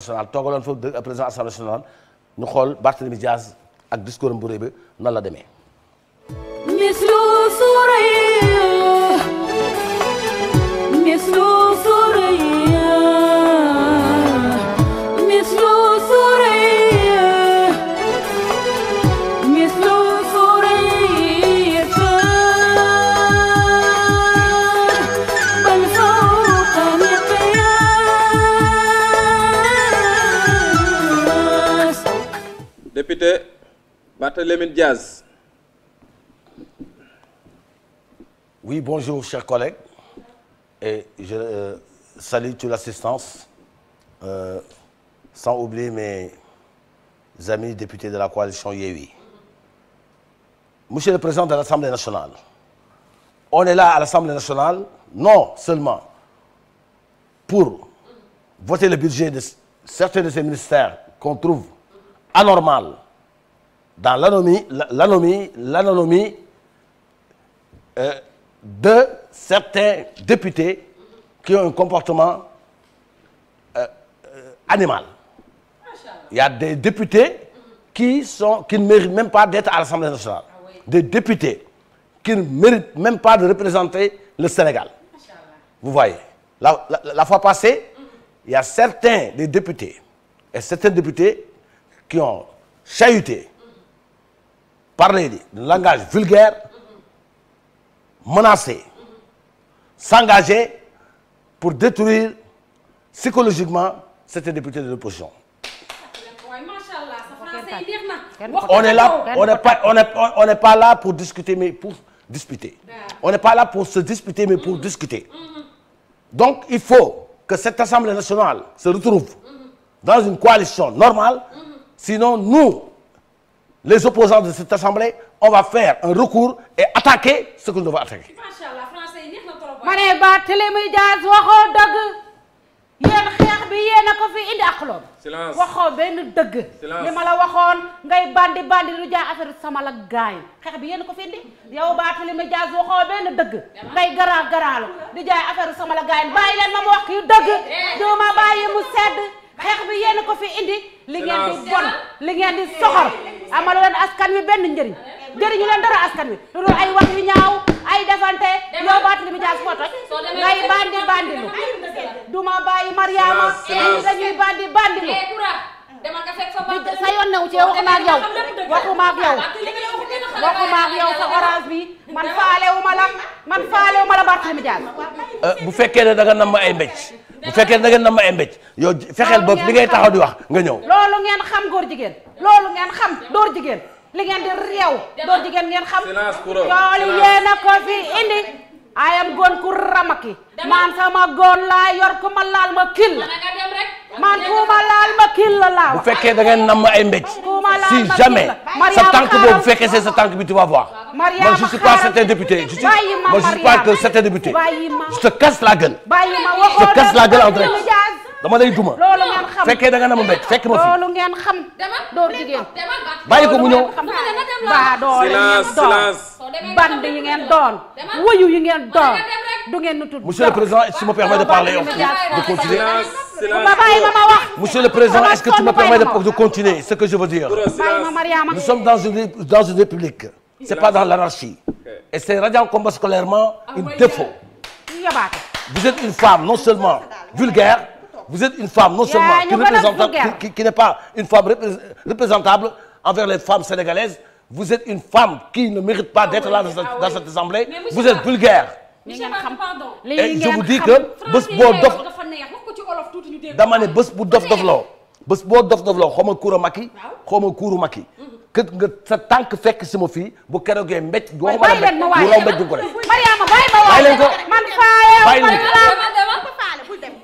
nationale toogaloon fa président assemblée nationale ñu xool Barthélemy Diaz ak discours am bu rëy bi nan la demee. mislu suura yi mislu. Barthélémy Diaz. Oui, bonjour, chers collègues. Et je euh, salue toute l'assistance, euh, sans oublier mes amis députés de la coalition Yewwi. Monsieur le Président de l'Assemblée nationale, on est là à l'Assemblée nationale, non seulement pour voter le budget de certains de ces ministères qu'on trouve anormal dans l'anomie l'anomie l'anomie euh, de certains députés qui ont un comportement euh, euh, animal. Il y a des députés qui sont qui ne méritent même pas d'être à l'Assemblée nationale. Ah des députés qui ne méritent même pas de représenter le Sénégal. Vous voyez, la la, la fois passée, il y a certains des députés et certains députés qui ont chahuté parler de langage vulgaire menacer s'engager pour détruire psychologiquement certains députés de l'opposition on est là on n'est pas on n'est pas là pour discuter mais pour disputer on n'est pas là pour se disputer mais pour mm-hmm. discuter mm-hmm. donc il faut que cette assemblée nationale se retrouve mm-hmm. dans une coalition normale sinon nous les opposants de cette assemblée on va faire un recours et attaquer ce que nous devons attaquer. macha allah français yi neex dëgg yéen xeex bi yéen a indi ak loolu. silence dëgg. li ma la ngay bandi bandi lu jaay affaire sama la bi yéen a ko fi indi yow Barthélémy Dias waxoo benn dëgg ngay garaa garaalu di jaay affaire sama la gaañ ma ma wax yu dëgg eh, eh, duma eh, bàyyi mu sedd xeex bi yéen a indi. li bon li ngeen amalu leen askan wi benn njëriñ njëriñu leen dara askan wi lu dul ay wax yu ñaaw ay defante yow Barthélémy Dias foo toj ngay bandi bandi lu duma bàyyi Mariama ñi bandi bandi lu eh, sa yoon newu ci waxuma ak yow waxuma ak yow waxuma ak sa orange bi man faalewu ma la man faalewu ma la Barthélémy Dias eh, bu fekkee ne da nga nam ay mbéj bu fekkee da ngeen na ma embëj yoo fexeel ba li ngay taxaw di wax nga ñëw loolu ngeen xam góor jigéen loolu ngeen xam dóor jigéen li ngeen di réew dóor jigéen ngeen xam yoolu yéen a ko indi ayam goon ku ramaki man sama goon laa yor ku ma laal ma kil man kuma laal ma kil la laaw. bu fekkee da ngeen namm ay mbéj. si jamais sa tànk boobu bu fekkee c'est sa tànk bi tu vas voir. man je suis pas certain député je suis man je suis pas que certain député. je te casse la gueule. je te casse la gueule en dama lay duma. loolu ngeen da nga nama mbéj fekk ma fi. loolu ngeen xam. door jigéen. bàyyi ko mu ñëw. ba doole ngeen doon. silence silence. band yi ngeen du ngeen nu tudd monsieur le président si ma permet de parler de continuer ma bàyyi ma ma wax monsieur le président est-ce que tu me permets de continuer ce que je veux dire nous sommes dans une dans une république pas dans l'anarchie et c'est radiant combat scolairement ah, une défaut vous êtes une femme non seulement vulgaire vous êtes une femme non seulement qui n'est pas une femme représentable envers les femmes sénégalaises vous êtes une femme qui ne mérite pas ah d'être là ah dans cette assemblée vous êtes vulgaire li eh, ngeen xam li boo dof dafa neex bu dof dof loo bés boo dof dof loo xaw ma kuuru Macky xaw ma kuuru Macky mm-hmm. kët nga sa tànk fekk si ma fi bu keroogee mbéj boo ma la mbéj lu raw mbéj du ko def ma waaye ma la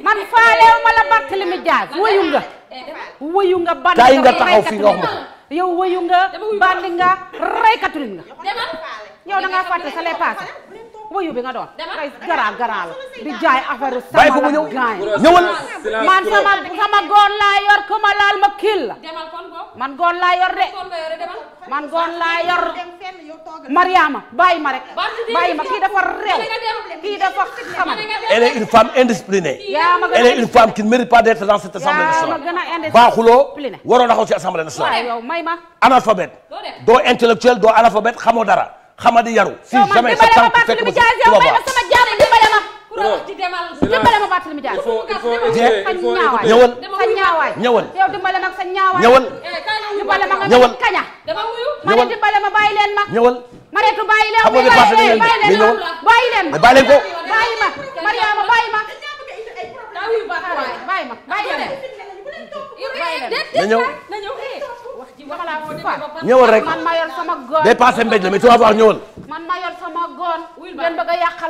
man faaleew ma la Barthélémy Dias wayu nga wayu nga bandi nga taxaw fii nga wax ma wayu bi nga doon ngay gara gara la di jaay affaire sama ko ñëw ñëwal ma laal ma kil la man goon laa yor de man goon laa yor Mariama bàyyi ma rek ma kii dafa réew kii dafa xamal elle est une femme indisciplinée elle est une femme qui ne mérite pas d'être dans cette assemblée nationale baaxuloo waroon taxaw ci assemblée nationale analphabète doo intellectuel doo analphabète xamoo dara xamadi yaru. si jamais sa tànk fekk ba tu vas voir sama jaar yi dimbale ma. dimbale ma Barthélémy Dias. il faut il faut ñëwal sa ñaawaay. ñëwal yow dimbale ma sa ñaawaay. ñëwal eh, dimbale ma nga kaña. dama wuyu ma ne dimbale ma bàyyi leen ma. ñëwal Mariétou bàyyi leen ma bàyyi leen bàyyi leen ma bàyyi leen ko. bàyyi ma Mariama ma. bàyyi ma bàyyi leen. na ñëw. ñëwal rek ma yor sama góor dépassé mbéj la mais tu vas a yàqal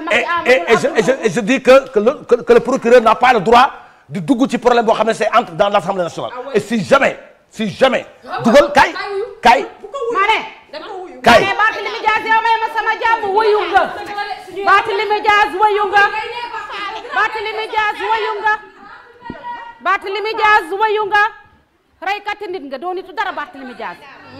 ma ci am. et je et eh, eh, que le procureur n'a pas le droit di dugg ci problème boo xam ne c'est entre dans l'Assemblée nationale. Ah et si jamais si jamais. Ah dugal kay kay. kay mais Barthélémy Dias yow may sama jàmm wuyu nga Barthélémy Dias wuyu nga Barthélémy reykati nit nga doo nitu dara Barthélémy Dias